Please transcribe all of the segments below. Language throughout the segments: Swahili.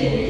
Thank you.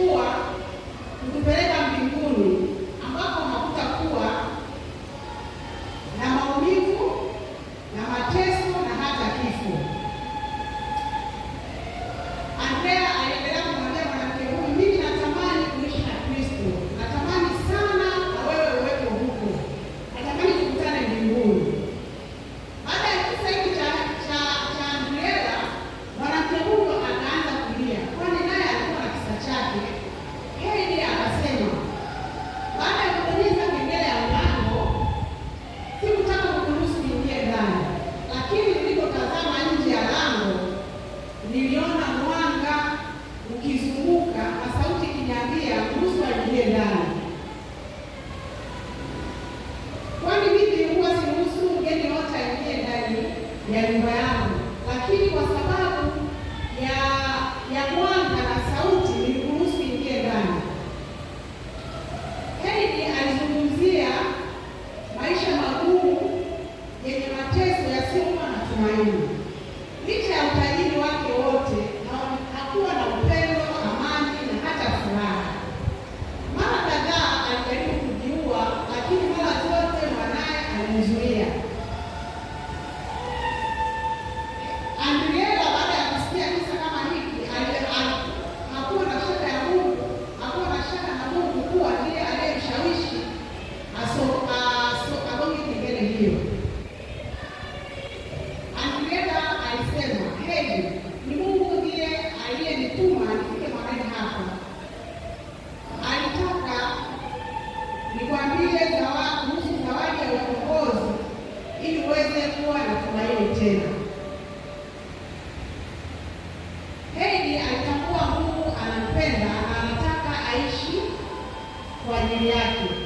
kuwa utajiri wake wote na hakuwa na upendo, amani na hata furaha. Mara kadhaa alijaribu kujiua, lakini mara zote mwanaye alimzuia. Andriela baada ya kusikia kisa kama hiki, hakuwa na shaka ya Mungu, hakuwa na shaka na Mungu kuwa ndiye aliyemshawishi agonge kengele hiyo. ile kuhusu zawadi ya ukombozi ili uweze kuwa na tumaini tena. Heidi alitambua Mungu anampenda na anataka aishi kwa ajili yake.